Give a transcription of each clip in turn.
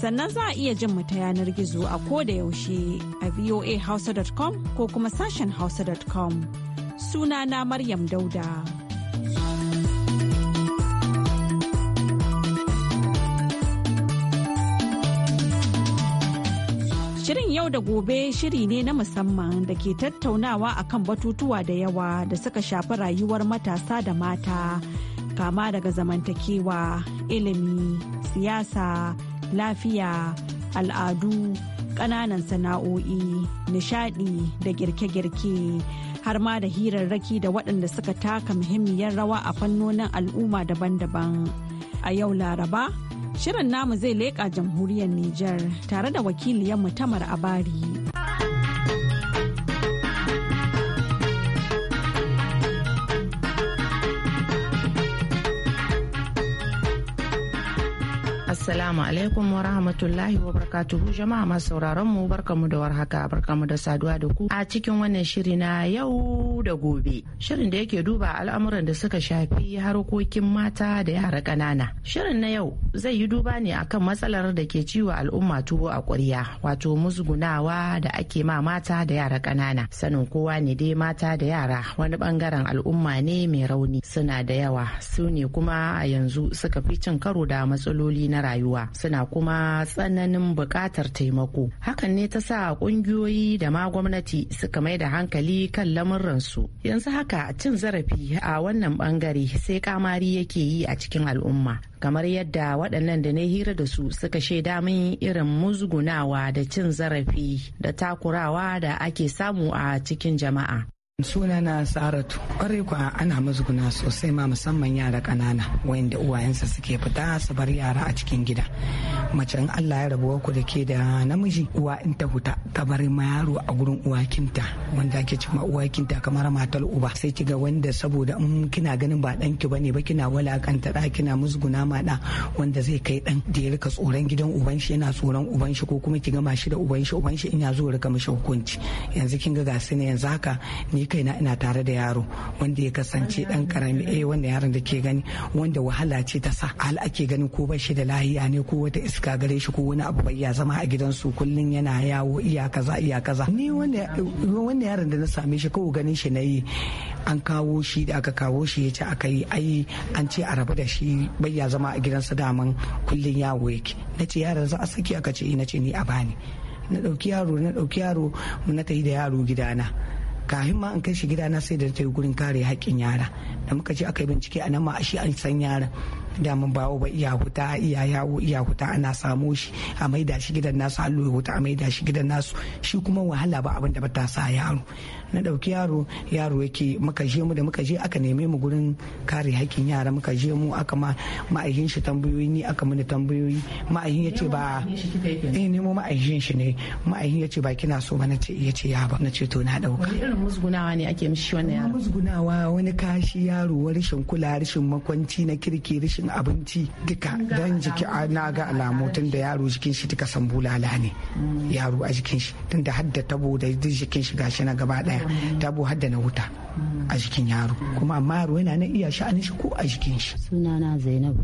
sannan za a iya jin mu ta yanar gizo a koda yaushe a voahausa.com ko kuma sashen hausa.com na maryam dauda Shirin yau da gobe shiri ne na musamman da ke tattaunawa akan batutuwa da yawa da suka shafi rayuwar matasa da mata kama daga zamantakewa, ilimi, siyasa, lafiya al'adu ƙananan sana'o'i nishadi da girke-girke har ma da hirarraki da waɗanda suka taka muhimmiyar rawa a fannonin al'umma daban-daban a yau laraba shirin namu zai leƙa jamhuriyar Nijar tare da wakiliyar mutamar abari. Assalamu alaikum wa rahmatullahi wa barakatuhu jama'a masu sauraron mu barkamu da warhaka barkamu da saduwa da ku a cikin wannan shiri na yau da gobe. Shirin da yake duba al'amuran da suka shafi harkokin mata da yara ƙanana. Shirin na yau zai yi duba ne akan matsalar da ke ciwo al'umma tuwo a ƙwarya wato musgunawa da ake ma mata da yara ƙanana. Sanin kowa ne dai mata da yara wani bangaren al'umma ne mai rauni suna da yawa su ne kuma a yanzu suka fi cin karo da matsaloli na rayuwa suna kuma tsananin buƙatar taimako hakan ne ta sa ƙungiyoyi da ma gwamnati suka mai da hankali kan lamuransu yanzu haka cin zarafi a wannan bangare sai kamari yake yi a cikin al'umma kamar yadda waɗannan da na hira da su suka shaida min irin muzgunawa da cin zarafi da takurawa da ake samu a cikin jama'a suna na saratu kwarai kuwa ana mazguna sosai ma musamman yara ƙanana wayanda uwayensa suke fita su bar yara a cikin gida mace in Allah ya rabuwa ku da ke da namiji uwa in ta huta ta bar ma yaro a gurin uwakinta wanda ake ce ma uwakinta kamar matar uba sai kiga wanda saboda in kina ganin ba dan ki bane ba kina walakanta da kina musguna ma da wanda zai kai dan da ya rika tsoron gidan uban shi yana tsoron uban shi ko kuma kiga mashi da uban shi uban shi in ya zo rika mishi hukunci yanzu kin ga gasu ne yanzu haka ni kaina ina tare da yaro wanda ya kasance dan karami eh wanda yaron da ke gani wanda wahala ce ta sa hal ake ganin ko ba shi da lahiya ne ko wata ka gare shi ko wani abu bai ya zama a gidansu kullum yana yawo iya kaza iya kaza ni wani yaron da na same shi kawai ganin shi nayi an kawo shi da aka kawo shi ya ce aka yi ai an ce a rabu da shi bai ya zama a gidansa daman kullum yawo yake na yaron za a saki aka ce eh, na ce ni a bani na ɗauki yaro na ɗauki yaro na ta yi da yaro gidana kafin ma an kai shi gida na sai da ta yi gurin kare haƙƙin yara da muka ce aka yi bincike a nan ma a shi an san yaran da mun bawo ba iya huta iya yawo iya huta ana samo shi a maida shi gidan nasu a ya huta a maida shi gidan nasu shi kuma wahala ba abin da ba ta sa yaro na ɗauki yaro yaro yake muka je mu da muka je aka neme mu gurin kare hakkin yara muka je mu aka ma ma'aikin shi tambayoyi ni aka mini tambayoyi ma'aikin ya ce ba eh nemo ma'aikin shi ne ma'aikin ya ce ba kina so ba na ce ya ce ya ba na ce to na ɗauka. wani irin musgunawa ne ake mishi wannan yaro musgunawa wani kashi yaro rashin kula rashin makwanci na kirki rashin abinci duka dan jiki na ga alamu tun da yaro jikin shi duka san bulala ne mm. yaro a jikin shi tun da hadda tabo da jikin shi gashi na gaba daya waya ta bu hadda na wuta a jikin yaro kuma amma yaro yana nan iya sha'anin shi ko a jikin shi sunana zainab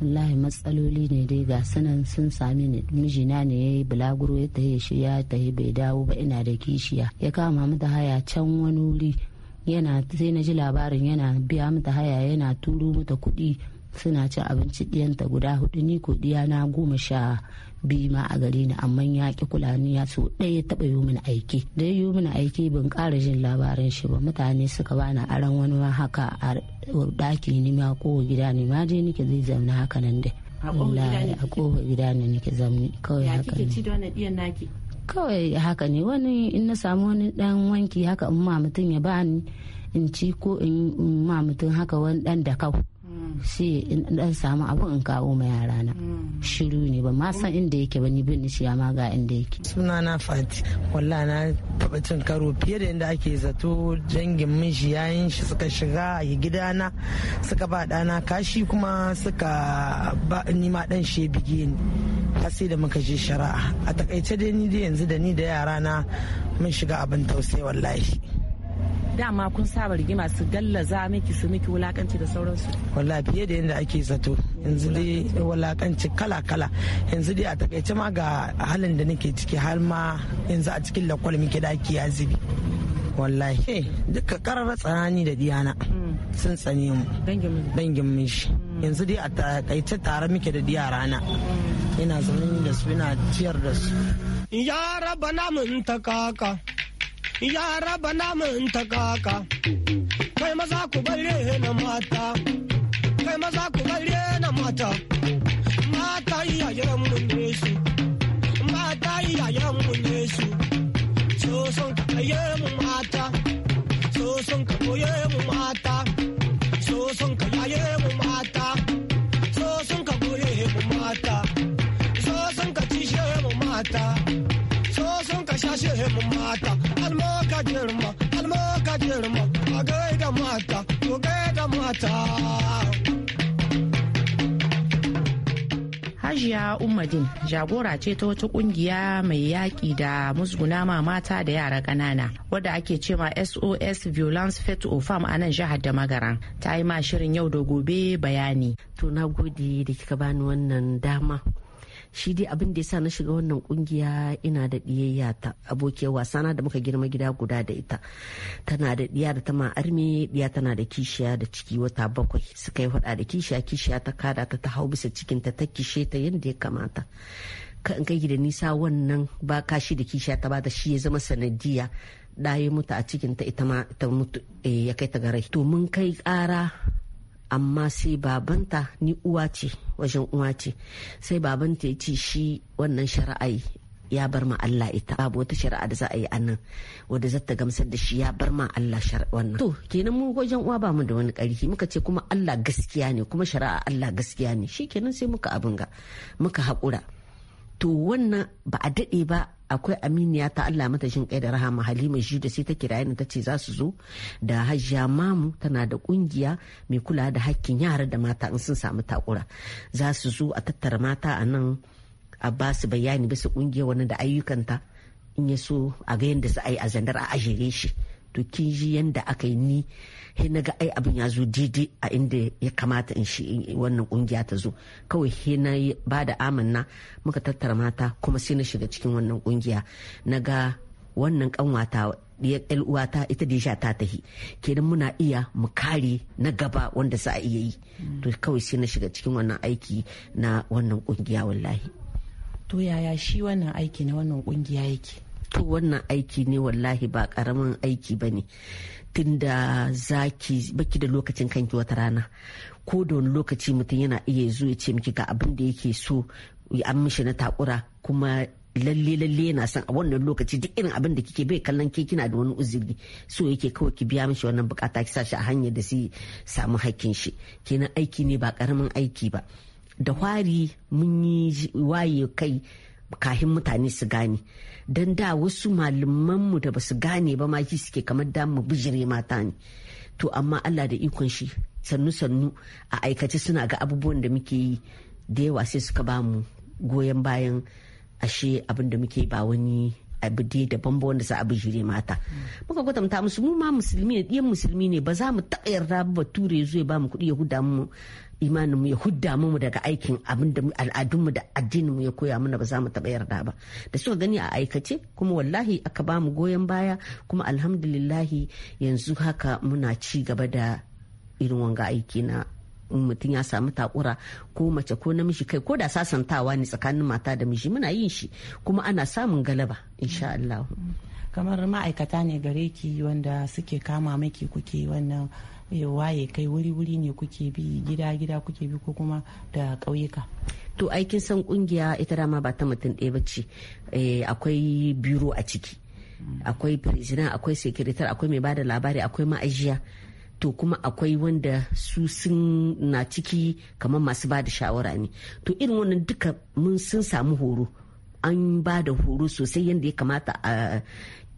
wallahi matsaloli ne dai ga sanan sun sami ni mijina ne ya yi bulaguro ya tahi shi ya tahi bai dawo ba ina da kishiya ya kama mata haya can wani wuri yana sai na ji labarin yana biya mata haya yana turo mata kuɗi suna cin abinci ɗiyanta guda hudu ni ko na goma sha biyu ma a gari ni amma ya ki kula ni ya so ɗaya ya taɓa yi mini aiki da yi mini aiki ban ƙara jin labarin shi ba mutane suka bani aran wani ma haka a ɗaki ni ma ko gida ni ma je nike zai zamna haka nan dai. a ƙofar gida ne nike zamni kawai haka ne. kawai haka ne wani in na samu wani dan wanki haka in ma mutum ya bani in ci ko in ma mutum haka wani dan da kau sai in dan samu abin in kawo ma yara na shiru ne ba ma san inda yake ba ni bin shi ma ga inda yake sunana fati wallahi na taba cin karo fiye da inda ake zato jangin min shi yayin shi suka shiga a gidana suka ba dana kashi kuma suka ba ni ma dan shi bige ni har sai da muka je shari'a a takaice dai ni dai yanzu da ni da yara na mun shiga abin tausayi wallahi dama kun saba rigima su gallaza miki su miki wulakanci da sauransu wallahi fiye da yadda ake zato yanzu dai wulakanci kala kala yanzu dai a takaice ma ga halin da nake ciki har ma yanzu a cikin lakwal muke da ake yazibi wallahi duka karar tsanani da diyana hmm. sun tsane mu dangin mun shi hmm. yanzu dai a takaice tare muke da diya rana hmm. ina zaune da su ina ciyar da su ya rabana mun ta kaka ya raba namun ta kaka kai maza ku bare na mata kai maza ku bare na mata mata iyayen mu ne su mata iyayen mu ne su so son ka mu mata so son ka koye Safiya Ummadin jagora ce ta wata kungiya mai yaƙi da musguna ma mata da yara ƙanana wadda ake cewa SOS Violence Fet Ofam a nan jihar da magaran ta yi ma shirin yau da gobe bayani. To na gode da kika bani wannan dama shi dai abin da ya sa na shiga wannan kungiya ina da diyayya ta abokiyar wasana da muka girma gida guda da ita tana da diya da tama arme diya tana da kishiya da ciki wata bakwai suka yi hada da kishiya kishiya ta kada ta ta hau bisa cikin ta ta kishe ta yadda ya kamata ka in kai da nisa wannan ba kashi da kishiya ta bada shi ya zama sanadiya ɗaya mutu a cikin ta ita ma ta mutu eh, ya kai ta garai to mun kai ƙara amma sai babanta ni uwa ce wajen uwa ce sai babanta ya ce shi wannan shari'a ya bar ma Allah ita babu wata shari'a da za a yi anan wadda zata gamsar da shi ya bar ma Allah wannan to kenan mu wajen uwa ba mu da wani karfi muka ce kuma Allah gaskiya ne kuma shari'a Allah gaskiya ne shi kenan sai muka abin ga muka haƙura to wannan ba a daɗe ba akwai aminiya ta Allah mata shin kai da rahama Halima shi da sai ta kira ni ta ce za su zo da hajjia Mamu tana da kungiya mai kula da hakkin yara da mata in sun samu takura za su zo a tattara mata a nan a ba su bayani bisa kungiya wani da ayyukanta in ya so a ga yadda za a yi a zandar a ajiye shi to kin ji yanda aka yi ni he na ga ai abin ya zo daidai a inda ya kamata in shi wannan kungiya ta zo kawai he na ba da amanna muka tattara mata kuma sai na shiga cikin wannan kungiya na ga wannan kanwata uwata ita da sha ta tahi kenan muna iya mu kare na gaba wanda za a iya yi mm. to kawai sai na shiga cikin wannan aiki na wannan kungiya wallahi to yaya shi wannan aiki na wannan kungiya yake to wannan aiki ne wallahi ba karamin aiki ba ne tunda zaki baki da lokacin kanki wata rana ko da wani lokaci mutum yana iya zuwa ce miki ga abin da yake so an mishi na takura kuma lalle lalle yana son a wannan lokaci duk irin abin da kike bai kallon ke kina da wani uzuri so yake kawai ki biya mishi wannan bukata ki sashi a hanyar da zai samu hakkin shi kenan aiki ne ba karamin aiki ba da hwari mun yi waye kai kahin mutane su gane don da wasu malamanmu da basu gane ba maki suke kamar da mu bijire mata ne to amma Allah da ikon shi sannu sannu a aikace suna ga abubuwan da muke yi da yawa sai suka bamu goyon bayan ashe abin da muke ba wani abu dai daban ba wanda za a bijire mata muka kwatanta musu mu ma musulmi ne ɗiyan musulmi ne ba za mu taɓa yarda ba ture zuwa ba mu kuɗi ya huda mu imanin mu ya hudda mu daga aikin abin da al'adun mu da addinin mu ya koya mana ba za mu taɓa yarda ba da suka gani a aikace kuma wallahi aka ba mu goyon baya kuma alhamdulillahi yanzu haka muna ci gaba da irin wanga aiki na in mutum ya samu takura ko mace ko namiji kai ko da sasantawa ne tsakanin mata da miji muna yin shi kuma ana samun galaba insha Allah kamar ma'aikata ne gare ki wanda suke kama maki kuke wannan eh, waye kai wuri-wuri ne kuke bi gida-gida kuke bi ko kuma da ƙauyuka to aikin san kungiya ita dama ba ta mutum ɗaya ba ce eh, akwai biro a ciki akwai president akwai sekretar akwai mai bada labari akwai ma'ajiya to kuma akwai wanda su sun na ciki kamar masu ba da shawara ne to irin wannan duka mun sun samu horo an ba da horo sosai yadda ya kamata a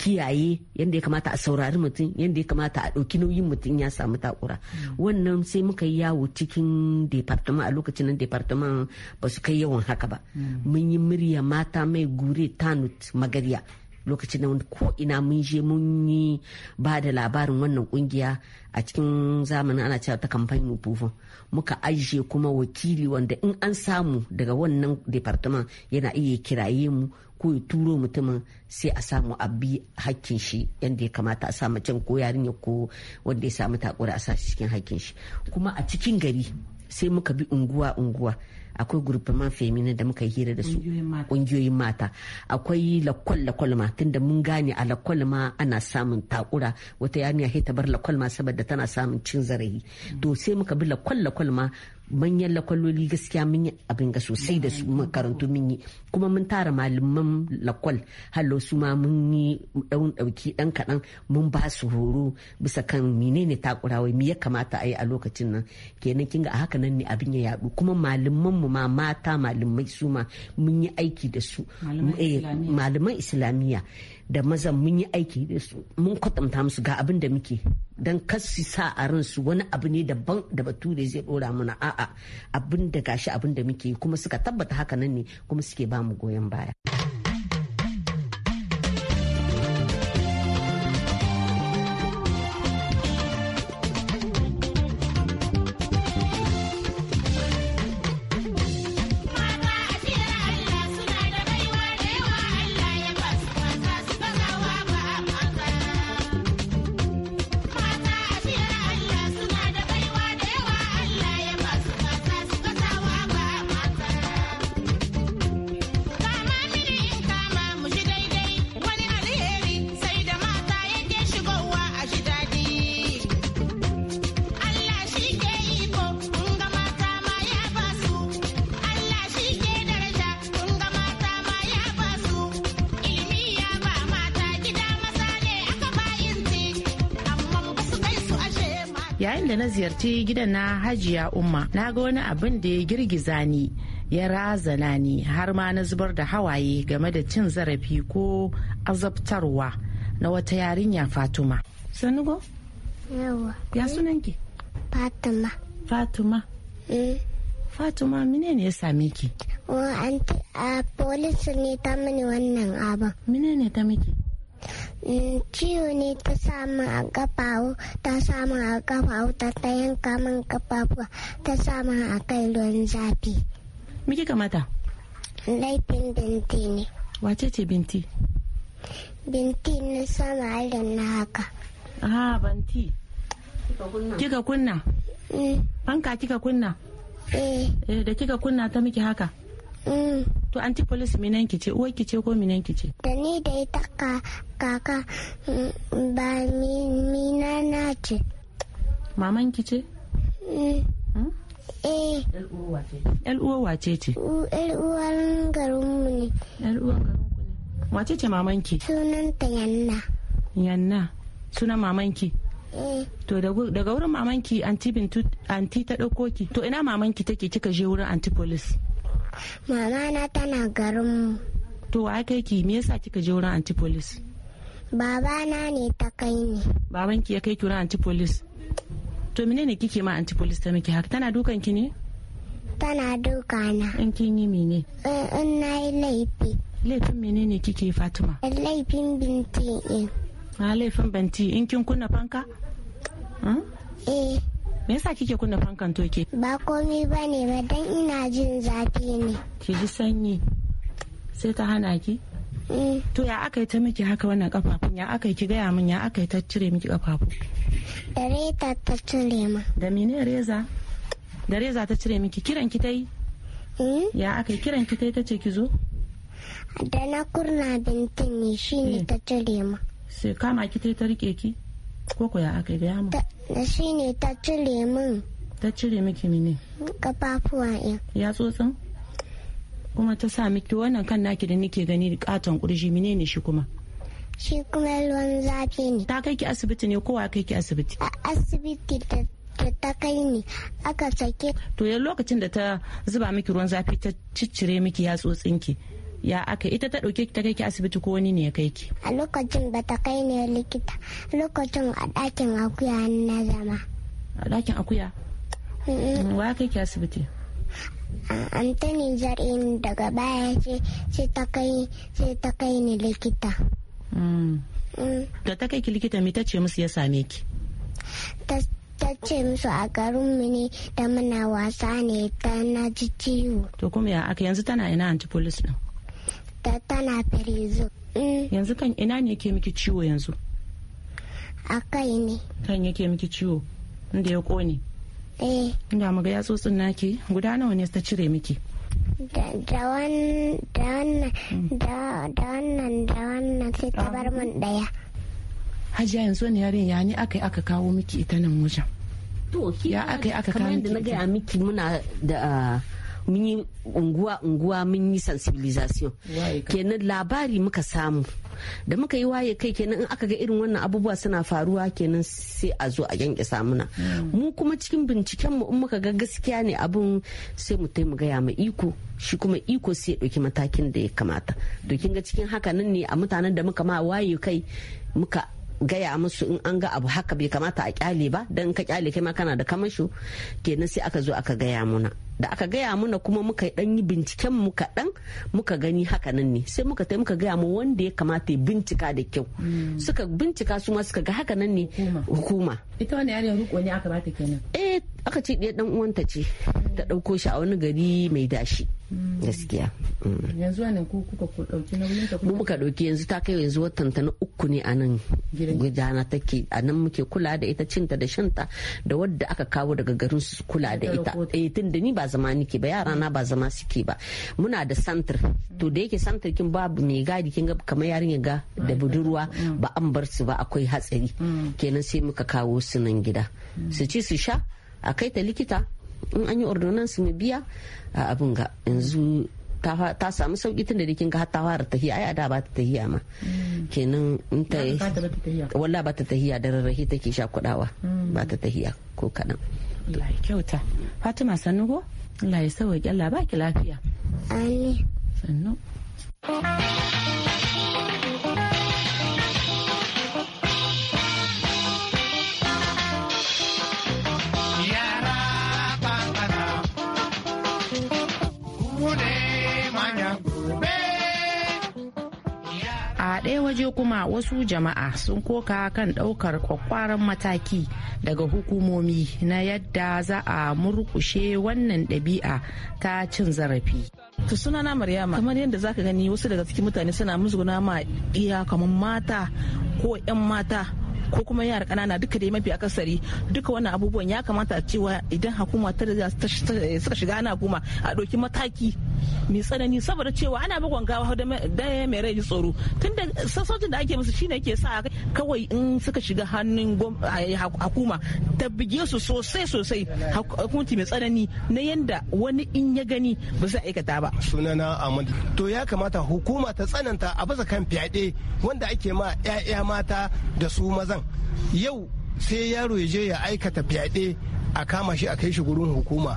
kiyaye yadda ya kamata a saurari mutum yadda ya kamata a ɗauki nauyin mutum ya samu takura wannan sai muka yi yawo cikin departement a lokacin nan departement ba su kai yawan haka ba mm. mun yi murya mata mai gure tanut magarya lokacin da ko ina mun je mun yi ba da labarin wannan kungiya a cikin zamanin ana cewa ta kamfani bufin muka ajiye kuma wakili wanda in an samu daga wannan departament yana iya kiraye mu ko ya turo mutumin sai a samu a bi hakkin shi yadda ya kamata a samu can ko yarinya ko wanda ya samu takura a sa cikin hakkin shi kuma a cikin gari sai muka bi unguwa unguwa akwai gurfaman femina da muka hira da su ƙungiyoyin mata akwai lakwal lakwalma tunda mun gane a lakwalma ana samun takura wata yarinya ta bar lakwal ma saboda tana samun cin zarafi to sai muka bi lakwal lakwalma. manyan lakwaloli gaskiya mun yi abin ga sosai da su makarantu mun yi kuma mun tara malaman lakwal hallo su ma mun yi ɗan ɗauki ɗan kaɗan mun ba su horo bisa kan menene takurawa me ya kamata a yi a lokacin nan kenan kin ga a haka nan ne abin ya yaɗu kuma malaman mu ma mata malamai su ma mun yi aiki da su malaman eh, islamiyya da mazan mun yi aiki da su mun kwatanta musu ga abin da muke don kasu sa a ransu wani abu ne daban da bature zai dora mana a'a abin da gashi abin da muke kuma suka tabbata haka nan ne kuma suke ba mu goyon baya. na ziyarci gidan na hajiya umma na ga wani abin da ya girgiza ni ya razana ni har ma na zubar da hawaye game da cin zarafi ko azabtarwa na wata yarinya fatuma sanugo yawa ya ki. fatima fatima eh fatima mine ne ya same ki wa anti a police ne ta mini wannan abin mine ne ta miki ciwo ne ta samu a gafawo ta samu a gafawo ta ta yanka min gafafuwa ta samu a kai ruwan zafi Miki kamata. laifin binti ne wace ce binti binti na sama irin na haka ah banti kika kunna mm. fanka kika kunna eh. eh da kika kunna ta miki haka Mm. To anti police minan ki ce uwar ki ce ko minan ki ce? Da ni da ita kaka mm, ba mina na ce. Maman ki ce? Mm. Hmm? Eh. Yar uwar wace ce? Yar uwar garinmu ne. Yar uwar garin ne. Wace ce maman ki? Sunanta Yanna. Yanna. Sunan maman ki? Eh. To daga wurin mamanki anti Bintu anti ta dauko ki. To ina mamanki take kika je wurin anti police? mama na tana garin mu to ai kai ki me yasa kika je wurin anti police baba na ne ta kai ni baban ki ya kai ki wurin anti police to menene kike ma anti police ta miki haka tana dukan ki ne tana duka na in kin yi mene eh, in na yi laifi laifin menene kike fatima laifin binti in a ah, laifin banti in kin kunna fanka eh me yasa kike kunna fankan toke ba komai bane ba dan ina jin zafi ne ki ji sanyi sai ta hana ki eh. to ya aka yi ta miki haka wannan kafafun ya aka yi ki gaya min ya aka yi ta cire miki kafafu da reza ta cire ma da mene reza da reza ta cire miki kiran ki ta yi hmm? ya aka yi kiran ki ta yi ta ce ki zo da na kurna bintin ne shine eh. ta cire ma sai kama ki ta yi ta rike ki ko ya aka gaya mu da shi ne ta cire min ta cire miki mini kafafuwa ya ya tsotsin kuma ta sa miki wannan kan naki da nike gani katon kurji mine ne shi kuma shi kuma ruwan zafi ne ta kai ki asibiti ne kowa kai ki asibiti a asibiti da ta kai ne aka sake to ya lokacin da ta zuba miki ruwan zafi ta ciccire miki ya tsotsinki ki ya aka ita ta ɗauke ta kai ki asibiti ko wani ne ya kai ki a lokacin ba ta kai ne likita lokacin a ɗakin akuya na zama a ɗakin akuya wa kai ki asibiti antoni jar'in daga baya sai ta kai sai ta kai ni likita mm. Mm. da ta kai ki likita me ta ce musu ya same ki ta ce musu a garin mu ne da muna wasa ne ta na ji ciwo to kuma ya aka yanzu tana ina antipolis din ta tana firizo. Mm. Yanzu kan ina ne ke miki ciwo yanzu? A kai ne. Kan yake miki ciwo inda ya kone? Eh. Inda maga ya tsotsin naki guda nawa ne ta cire miki? Da wannan da wannan da wannan sai ta bar mun daya. Hajiya yanzu ne yarin ya ne aka yi aka kawo miki ita nan wajen. To, ya aka yi aka kawo miki. Kamar yadda na gaya miki muna da mun yi unguwa unguwa mun yi sensibilisation kenan labari muka samu da muka yi waye kai kenan in aka ga irin wannan abubuwa suna faruwa kenan sai a zo a yanke samuna mm. mu kuma cikin binciken mu in muka ga gaskiya ne abun sai mu mu gaya ma iko shi kuma iko sai ya matakin da ya kamata to kin ga cikin haka nan ne a mutanen da muka ma waye kai muka gaya musu in an ga abu haka bai kamata a kyale ba dan ka kyale kai ma kana da kamasho kenan sai aka zo aka gaya muna da aka gaya muna kuma muka dan yi binciken mu kaɗan muka gani haka nan ne sai muka tai muka gaya mu wanda ya kamata ya bincika da kyau hmm. suka bincika su ma suka ga haka nan ne hukuma ita wannan yarinyar ruko ne aka bata kenan eh aka ce ɗaya ɗan uwanta ce ta ɗauko shi a wani gari mai dashi mm. gaskiya mm. yanzu wani kuka ɗauki nauyin ta mu muka ɗauki yanzu ta kai yanzu watanta na uku ne a nan gidana take a nan muke kula da ita cinta da shanta da wadda aka kawo daga garin su kula da ita eh, tun da ni ba zama nike ba yara na ba zama suke ba muna da santir to da yake santir kin babu mai gadi kin ga kamar yarinya ga da budurwa mm. ba an bar su ba akwai hatsari kenan sai muka kawo su nan gida su ci su sha a kai ta likita in an yi ordonansu mu biya a abin ga yanzu ta samu sauki tun da kin ga ta fara tahiya ai da ba ta tahiya ma mm. kenan in ta walla ba ta tahiya da rarrahi take sha kudawa mm. ba ta tahiya ko kadan Allah ya kyauta Fatima Sanugo Allah ya sauke Allah baki lafiya amin waje kuma wasu jama'a sun koka kan ɗaukar kwakwaran mataki daga hukumomi na yadda za a murkushe wannan ɗabi'a ta cin zarafi. suna na maryama kamar yadda zaka gani wasu daga cikin mutane suna musguna ma iya kamar mata ko 'yan mata ko kuma yara ƙanana duka dai mafi akasari duka wannan abubuwan ya kamata cewa idan hukuma ta suka shiga ana hukuma a ɗauki mataki mai tsanani saboda cewa ana bugon gawa da mai rai tsoro tunda sassaucin da ake musu shine ke sa kawai in suka shiga hannun hukuma ta bige su sosai sosai hukunci mai tsanani na yanda wani in ya gani ba zai aikata ba sunana amadu to ya kamata hukuma ta tsananta a bisa kan fyaɗe wanda ake ma 'ya'ya mata da su mazan nan yau sai yaro ya je ya aikata fyaɗe a kama shi a kai shi gurin hukuma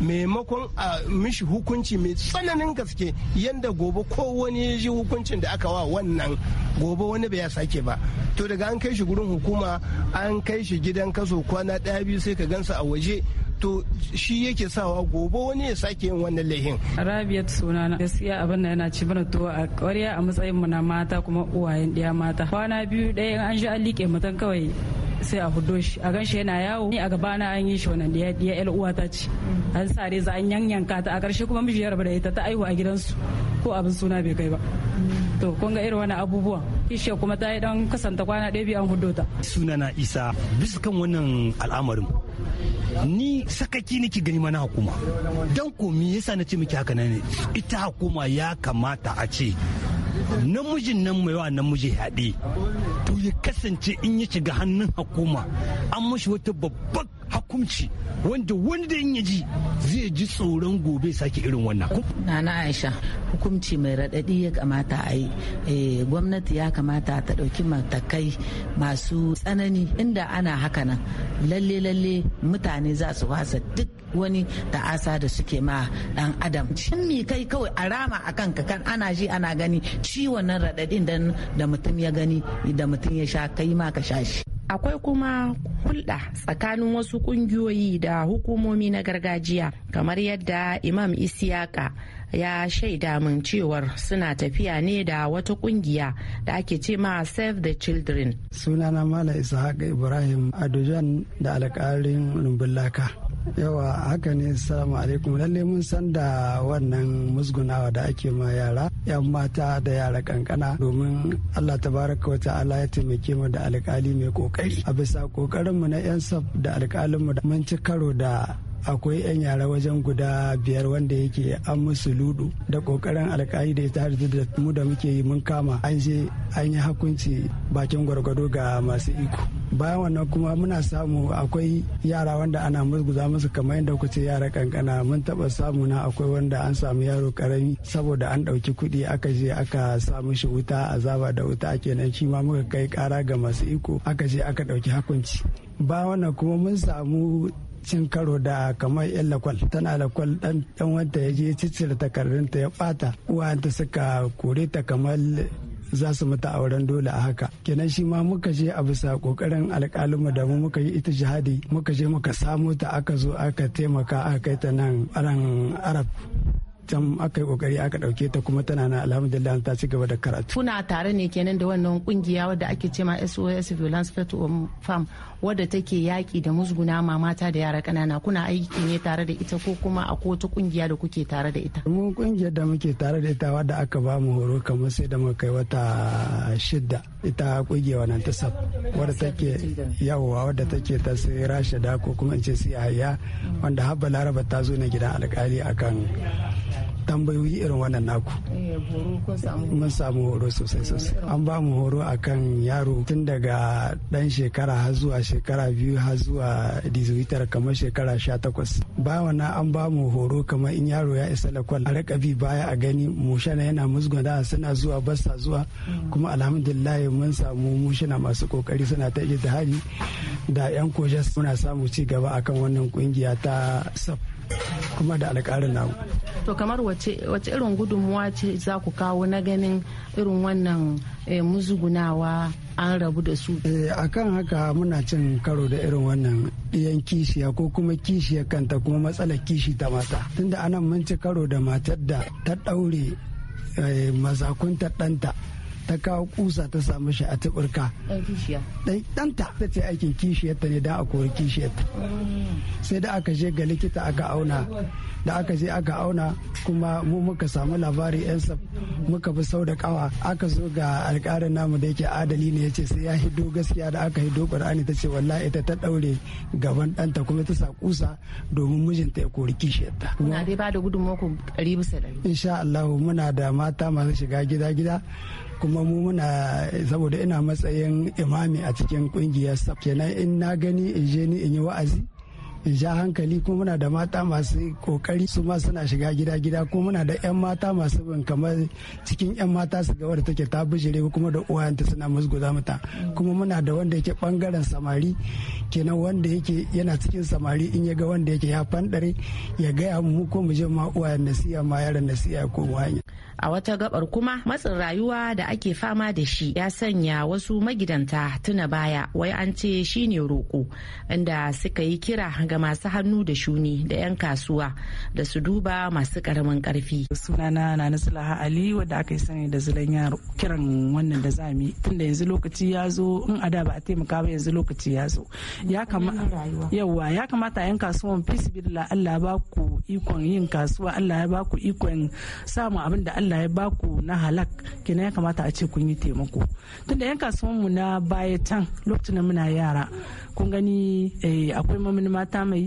maimakon a mishi hukunci mai tsananin gaske yadda gobe ko wani ya ji hukuncin da aka wa wannan gobe wani bai ya sake ba to daga an kai shi gurin hukuma an kai shi gidan kaso kwana ɗaya biyu sai ka gansa a waje to shi yake sawa gobe wani ya sake yin wannan laihin rabiat sunana gaskiya abin da yana ci bana tuwa a ƙwarya a matsayin mu na mata kuma uwayen ɗaya mata kwana biyu ɗaya an sha an liƙe mutum kawai sai a hudo shi a gan shi yana yawo ni a gabana an yi shi wannan da ya yar uwa ta ce an sare za an yanyanka ta a ƙarshe kuma miji ya rabu da ita ta aihu a gidansu ko abin suna bai kai ba to kun ga irin wani abubuwa kuma ta yi dan kasanta kwana ɗaya biyu an hudo ta sunana isa bisa kan wannan al'amarin ni sakaki nake gani mana hukuma dan ko me yasa na ce miki haka ne ita hukuma ya kamata a ce namijin nan mai wa namiji haɗe to ya kasance in ya shiga hannun hukuma an mashi wata babbar hakunci wanda wanda in ya ji zai ji tsoron gobe sake irin wannan nana aisha hukumci mai raɗaɗi ya kamata a yi eh, gwamnati ya kamata ta ɗauki matakai masu tsanani inda ana haka nan lalle lalle mutane za su wasa duk wani ta'asa da suke ma dan adam cin mi kai kawai a rama a kan kan ana ji ana gani ciwon nan raɗaɗin da mutum ya gani da mutum ya sha kai ma ka sha shi akwai kuma hulɗa tsakanin wasu ƙungiyoyi da hukumomi na gargajiya kamar yadda imam isiyaka ya shaida min cewar suna tafiya ne da wata ƙungiya da ake ce ma save the children sunana mala ishaq ibrahim adujan da alkarin rumbullaka yawa haka ne salamu alaikum lalle mun san da wannan musgunawa da ake ma yara 'yan mata da yara kankana domin Allah baraka wa ta'ala ya taimake mu da alkali mai kokari a bisa kokarinmu mu na 'yan saf da alkalin da mun ci karo da akwai 'yan yara wajen guda biyar wanda yake an musu ludu da kokarin alkali da ita da mu da muke yi mun kama an je an yi hakunci bakin gwargwado ga masu iko bayan wannan kuma muna samu akwai yara wanda ana musguza musu kamar yadda kuce yara kankana mun taba samu na akwai wanda an samu yaro karami saboda an dauki kuɗi aka je aka samu shi wuta azaba da wuta kenan shi ma muka kai kara ga masu iko aka je aka dauki hakunci ba wannan kuma mun samu cin karo da kamar yan lakwal tana lakwal dan dan wanda ya je ciccire takardunta ya bata uwanta suka kore ta kamar za su mata auren dole a haka kenan shi ma muka je a bisa kokarin alƙalinmu da mu muka yi ita jihadi muka je muka samu ta aka zo aka taimaka aka kai ta nan aran arab can aka yi kokari aka dauke ta kuma tana na alhamdulillah ta ci gaba da karatu kuna tare ne kenan da wannan kungiya wadda ake cewa SOS Violence Fat Farm wadda take yaki da musguna ma mata da yara kanana kuna aiki ne tare da ita ko kuma a wata kungiya da kuke tare da ita mun kungiyar da muke tare da ita wadda aka ba mu horo kamar sai da muka kai wata shidda ita kungiya wannan ta sab wadda take yawa wadda take ta sai rashida ko kuma in ce sai wanda habba laraba ta zo na gidan alkali akan tambayoyi irin wannan naku eh, mun samu horo sosai sosai an ba mu horo akan yaro tun daga dan shekara har zuwa shekara biyu har zuwa dizuitar kamar shekara sha takwas ba wana an ba mu horo kamar in yaro ya isa lakwal a rika bi baya a gani mushana yana musguna suna zuwa basa zuwa mm. kuma alhamdulillah mun samu mushana masu kokari suna ta da hali da yan kojas muna samu ci gaba akan wannan kungiya ta sab kuma da alƙarin namu to kamar wace irin gudunmuwa ce za ku kawo na ganin irin wannan eh, muzugunawa an rabu da su eh, a kan haka muna cin karo da irin wannan ɗiyan kishiya ko kuma kishiyar kanta kuma matsalar kishi ta mata tunda anan mun ci karo da matar da ta ɗaure eh, mazakunta ɗanta ta kawo kusa ta samu shi a tuburka ɗanta ta ce aikin kishiyarta ne da a kori kishiyarta mm. sai da aka je ga likita aka auna da aka je aka auna kuma mu muka samu labari yan muka bi sau da kawa aka zo ga alƙarin namu da yake adali ne ya ce sai ya hido gaskiya da aka hido ƙur'ani ta ce wallahi ita ta ɗaure gaban ɗanta kuma ta sa kusa domin mijinta ya kori kishiyarta. na dai ba da ku ɗari Insha Allah muna da mata masu shiga gida gida kuma mu muna saboda ina matsayin imami a cikin kungiyar saf kenan in na gani in je ni in yi wa'azi in sha hankali kuma muna da mata masu kokari su ma suna shiga gida gida kuma muna da yan mata masu bin kamar cikin yan mata su ga wadda take ta bijire kuma da uwayanta suna musguza mata kuma muna da wanda yake bangaren samari kenan wanda yake yana cikin samari in ya ga wanda yake ya fandare ya gaya mu ko mu je ma uwayen nasiya ma yaran nasiya ko wani A wata gabar kuma matsin rayuwa da ake fama da shi ya sanya wasu magidanta tuna baya wai an ce shine roƙo inda suka yi kira ga masu hannu da shuni da 'yan kasuwa da su duba masu karamin karfi. Sunana na Nasulaha Ali wadda aka yi sani da zulan yaro kiran wannan da zami tunda yanzu lokaci ya zo in a da ba a taimaka ba yanzu lokaci ya zo. Ya yawa ya kamata 'yan kasuwan fisibila Allah ba ku ikon yin kasuwa Allah ya ba ku ikon samun abin da Allah Allah ya baku na halak kenan ya kamata a ce kun yi taimako tunda yan kasuwan mu na baya can lokacin da muna yara kun gani eh, akwai mamin mata mai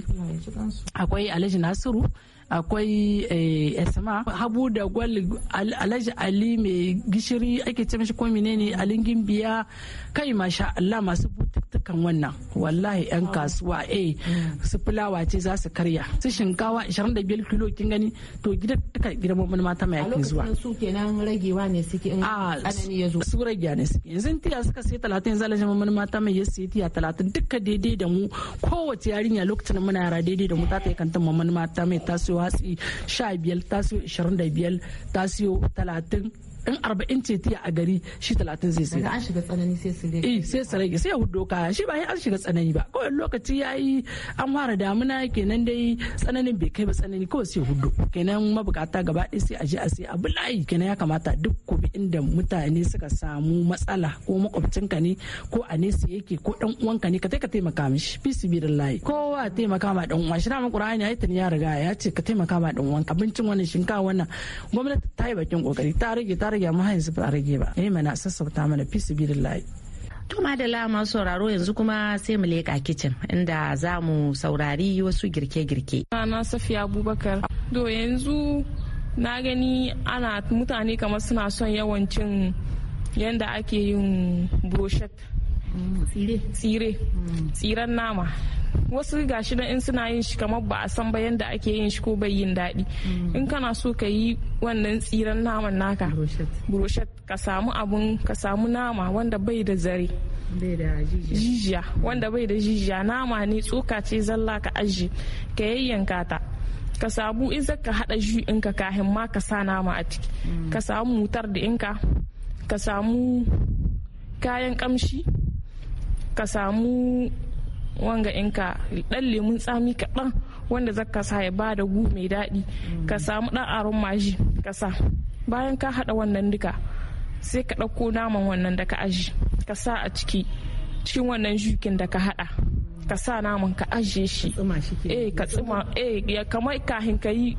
akwai alhaji nasiru akwai eh, esma habu da gwal alhaji ali mai gishiri ake ce mishi ko menene alingin biya kai masha Allah masu bututtukan wannan wallahi yan kasuwa eh su fulawa ce za su karya su shinkawa 25 kilo kin gani to gidan duka gidan mun mata mai yakin zuwa a su kenan ragewa ne suke in ah, anani yazo su ragewa ne suke yanzu tiya suka sai 30 yanzu alhaji mun mata mai yasi tiya 30 duka daidai da mu kowace yarinya lokacin muna yara daidai da mu ta kai kantin mun mata mai tasowa watsi sha biyar ta siyo ishirin biyar ta talatin in arba'in ce tiya a gari shi talatin zai sai an shiga tsanani sai eh, rage sai sai ya hudu kaya shi ba an shiga tsanani ba kawai lokaci ya yi an fara damuna kenan dai tsananin bai kai ba tsanani kawai sai hudu kenan mabukata gaba ɗaya sai a je a sai abu layi kenan ya kamata duk bi inda mutane suka samu matsala ko makwabcinka ne ko a nesa yake ko dan uwanka ne ka ka taimaka mishi fi su birin layi kowa taimaka ma dan uwa shi na yi ya ya riga ya ce ka taimaka ma dan uwanka abincin wannan shinkawa wannan gwamnati ta yi bakin kokari ta rage ta rage amma yanzu ba a rage ba ne eh, mana sassauta mana fi sabilillahi To madala masu sauraro yanzu kuma sai mu leƙa kicin inda za mu saurari wasu girke-girke. Na Safiya Abubakar. Do yanzu na gani ana mutane kamar suna son yawancin yadda ake yin broshet Mm, tsire tsire mm. tsiren nama wasu gashi na in suna yin shi kamar ba a san ba yadda ake yin shi ko bai yin daɗi mm. in kana so ka yi wannan tsiren naman naka brochet ka samu abun ka samu nama wanda bai da zare jijiya wanda bai da jijiya nama ne tsoka ce zalla ka aji ka yayyanka ta ka samu in ka hada ju in ka kahin ma ka sa nama a ciki ka samu mutar da inka ka samu kayan kamshi ka samu wanga inka dan lemun tsami kaɗan wanda zaka sa ya ba da gu mai daɗi ka samu ɗan aron maji ka sa bayan ka haɗa wannan duka sai ka ɗauko naman wannan da ka aji ka sa a ciki cikin wannan jukin da ka haɗa ka sa naman ka ajiye shi ka tsima eh, eh, ka yi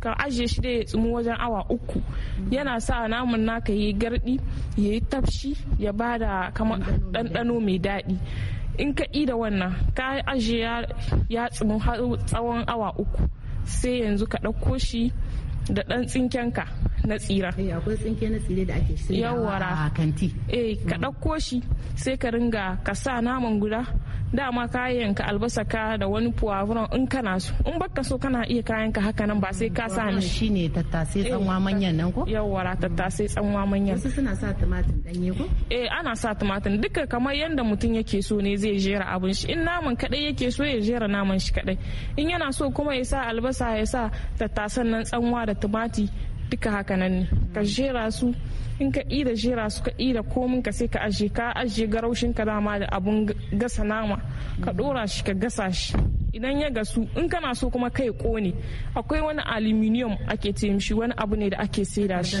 ka ajiye shi da ya tsumu wajen awa uku yana sa namun naka yi gardi ya yi tafshi ya ba da kama ɗanɗano mai daɗi in ka da wannan ka ajiye ya tsumu tsawon awa uku sai yanzu ka ɗauko shi da ɗan tsinkenka na tsira eh, akwai tsinke na tsire da ake a kanti eh ka mm. ɗauko shi sai ka ringa ka sa naman guda dama kayan ka albasa ka da wani puwavuron in kana so in baka so kana iya kayan ka haka nan ba sai ka sa ni ne tattasai eh, tsanwa manyan nan ko yawwa tattasai tsanwa manyan wasu suna sa tumatir danye ko eh ana sa tumatir duka kamar yanda mutum yake so ne zai jera abin shi in naman kadai yake so ya jera naman shi kadai in yana so kuma ya sa albasa ya sa tattasan nan tsanwa da tumati duka haka nan ne ka jera su in ka ida jera su ka ida komin ka sai ka aje ka aje garaushin ka dama da abun gasa nama ka dora shi ka gasa shi idan ya gasu in kana so kuma kai kone akwai wani aluminium ake ce mishi wani abu ne da ake saida shi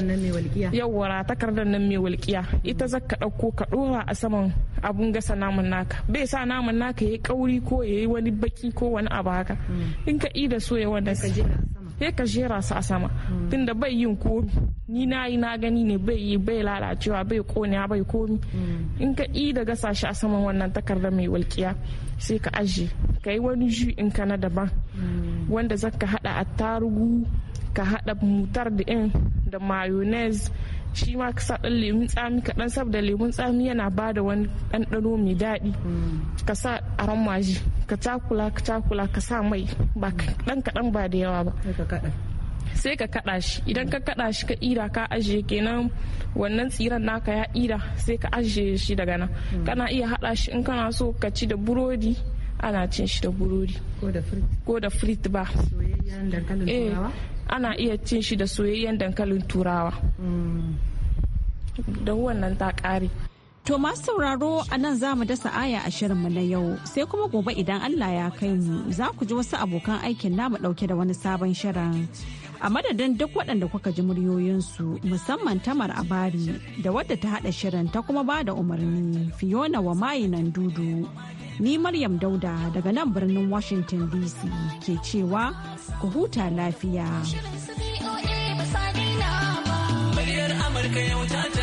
yawwa takardar nan mai walƙiya ita za ka ɗauko ka ɗora a saman abun gasa naman naka bai sa naman naka yayi kauri ko ya wani baki ko wani abu haka mm. in ka ida so ya wanda sai ka jera su a sama tunda bai yin komi ni na yi na gani ne bai yi bai lalacewa bai konewa bai komi mm. in ka yi da gasa shi a saman wannan takardar mai walƙiya sai ka aje ka yi wani ju in ka na daban mm. wanda zaka hada attarugu ka hada mutar da in da mayonnaise shi ma ka sa dan lemun tsami kaɗan saboda lemun tsami yana ba da wani ɗanɗano mai daɗi ka sa aron maji ka cakula ka cakula ka sa mai ba kaɗan kaɗan ba da yawa ba sai ka kaɗa shi idan ka kaɗa shi ka ira ka ajiye kenan wannan tsiran naka ya ira sai ka ajiye shi daga nan mm. kana iya haɗa shi in kana so ka ci da burodi ana cin shi da burodi ko da frit ba Eh, ana iya cin shi da soyayyen dankalin turawa da wannan ta ƙare To masu sauraro a nan za mu dasa aya a shirinmu na yau sai kuma gobe idan Allah ya kai mu za ku ji wasu abokan aikin namu ɗauke da wani sabon shirin. A madadin duk waɗanda kuka ji muryoyinsu musamman tamar abari da wadda ta haɗa shirin ta kuma ba da umarni Fiona wa mayinan dudu Ni Maryam Dauda daga nan birnin Washington DC ke cewa ku huta lafiya. Muryar Amurka yau ta